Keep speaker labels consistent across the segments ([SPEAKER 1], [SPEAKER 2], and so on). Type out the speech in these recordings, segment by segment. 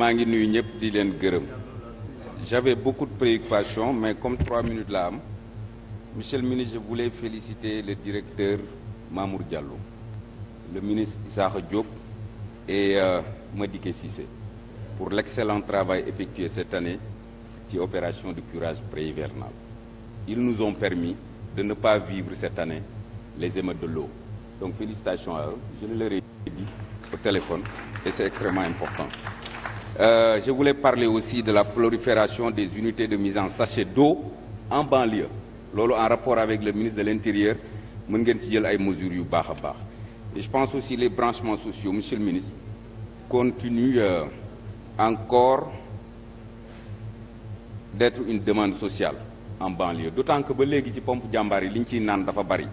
[SPEAKER 1] maa ngi nuyu ñëpp di leen gërëm j'avais beaucoup de préoccupations mais comme trois minutes la am monsieur le ministre je voulais féliciter le directeur Mamour Diallo le ministre Issakha Diop et ma euh, Madické Cissé pour l'excellent travail effectué cette année ci opération de curage préhivernal ils nous ont permis de ne pas vivre cette année les émeutes de l'eau donc félicitations à eux je leur ai dit au téléphone et c'est extrêmement important Euh, je voulais parler aussi de la prolifération des unités de mise en sachet en banlieue loolu en rapport avec le ministre de l'intérieur mën ngeen ci jël ay mesures yu baax a baax et je pense aussi les branchements sociaux monsieur le ministre continuent euh, encore d'être une demande sociale en banlieue d'autant que ba léegi ci pompe jàmbaar yi li ñu ciy naan dafa bari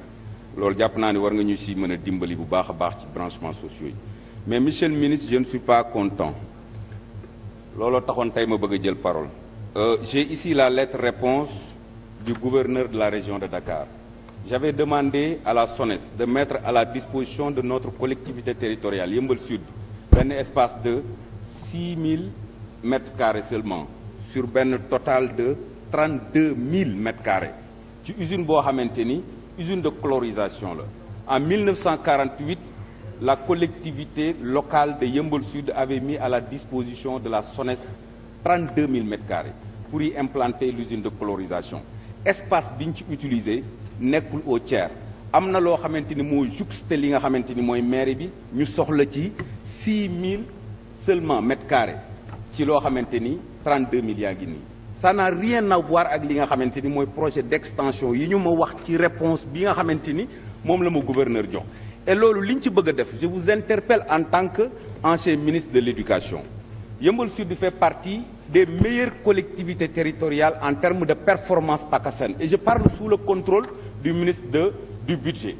[SPEAKER 1] loolu jàpp naa ne war nga ñu si mën a dimbali bu baax a baax ci branchements sociaux yi mais monsieur le ministre je ne suis looloo taxoon tey ma bëgg a jël parole. Euh, j'ai ici la lettre réponse du gouverneur de la région de Dakar j'avais demandé à la SONES de mettre à la disposition de notre collectivité territoriale Yeumbeul Sud benn espace de 6000 mètres carrés seulement sur benn total de 32000 mètres carrés ci usine boo xamante ni usine de chlorisation la en 1948. la collectivité locale de Yeumbeul Sud ave mis à la disposition de la SONES trent 32 mille mètres carrés pour y implanter l'usine de polarisation espace bi ñu ci utilisé nekkul au tiers am na loo xamante ni moo juxte li nga xamante ni mooy mairie bi ñu soxla ci 6 000 seulement mètres carrés ci loo xamante ni 32 000 yaa ngi nii. ça n'a rien à voir ak li nga xamante ni mooy projet d'extension yi ñu ma wax ci réponse bi nga xamante ni moom la ma gouverneur jox. et loolu li ñu ci bëgg a def je vous interpelle en tant que ancien ministre de l'éducation Yeumbeul Sud fait partie des meilleures collectivités territoriales en termes de performance PACASEN et je parle sous le contrôle du ministre de du budget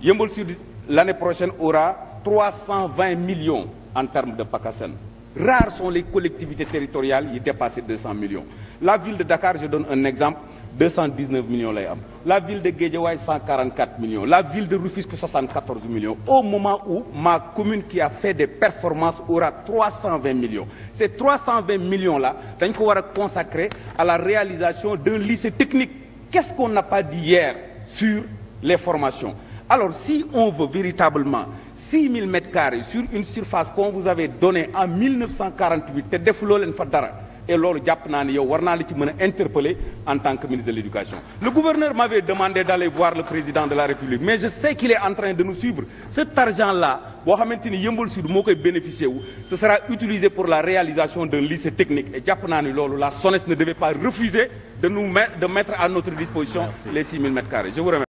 [SPEAKER 1] Yeumbeul Sud l'année prochaine aura 320 millions en termes de PACASEN rares sont les collectivités territoriales yi dépassent 200 millions la ville de Dakar je donne un exemple 219 la ville de Guédiawaye 144 millions la ville de Rufisque 74 millions au moment où ma commune qui a fait des performances aura 320 millions dañ ko war a consacrer à la réalisation d'un lycée technique qu'est-ce qu'on les formations alors si on veut véritablement 6000 mètres carrés sur une surface qu'on vous avait donnée en 1948 te defuloo leen fa dara et loolu jàpp naa ne yow war ci mën a interpeller en tant que ministre de l'éducation le gouverneur m'avait demandé d'aller voir le président de la république mais je sais qu'il est en train de nous suivre cet argent là boo xamante ni Yeumbeul Sud moo bénéficier wu ce sera utilisé pour la réalisation d'un lycée technique et jàpp naa ni loolu la SONES ne devait pas refuser de mettre à notre disposition les mètres carrés je vous remercie